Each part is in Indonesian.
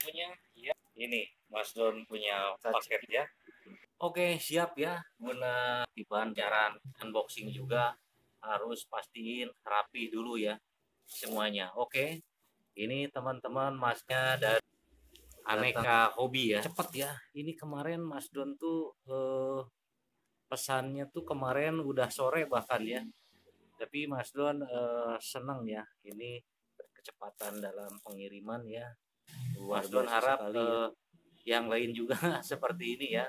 punya iya ini Mas Don punya paket ya oke siap ya guna bahan jaran unboxing juga harus pastiin rapi dulu ya semuanya oke ini teman-teman masnya dari aneka hobi ya cepet ya ini kemarin Mas Don tuh eh, pesannya tuh kemarin udah sore bahkan ya tapi Mas Don eh, seneng ya ini kecepatan dalam pengiriman ya. Luar Mas Don harap sekali, ya. Eh, yang lain juga seperti ini ya.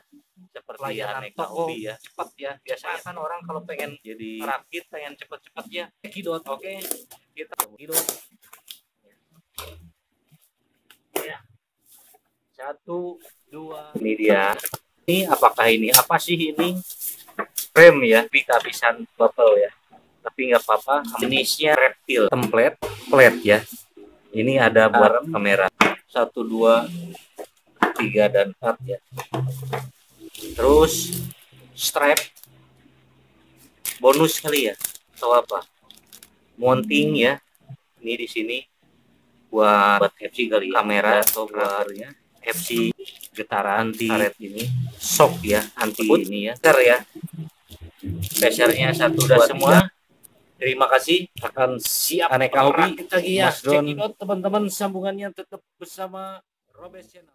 Seperti Pelayanan aneka toko, hobi ya. Cepat ya. Biasanya kan orang kalau pengen jadi rakit pengen cepat-cepat ya. Kidot oke. Okay. Kita kidot. Ya. Satu, dua. Ini dia. Ini apakah ini? Apa sih ini? Frame ya, pika pisan bubble ya. Tapi nggak apa-apa, jenisnya reptil template plate ya. Ini ada buat ah. kamera. Satu, dua, tiga, dan empat ya. Terus strap. Bonus kali ya. Atau apa? Mounting ya. Ini di sini buat, buat FC kali ya. kamera atau buatnya FC getaran anti karet ini shock ya anti ini ya Ter ya pressure satu udah semua Terima kasih akan siap aneka hobi. Kita ya. Mas Don. Check it out teman-teman sambungannya tetap bersama Robes Channel.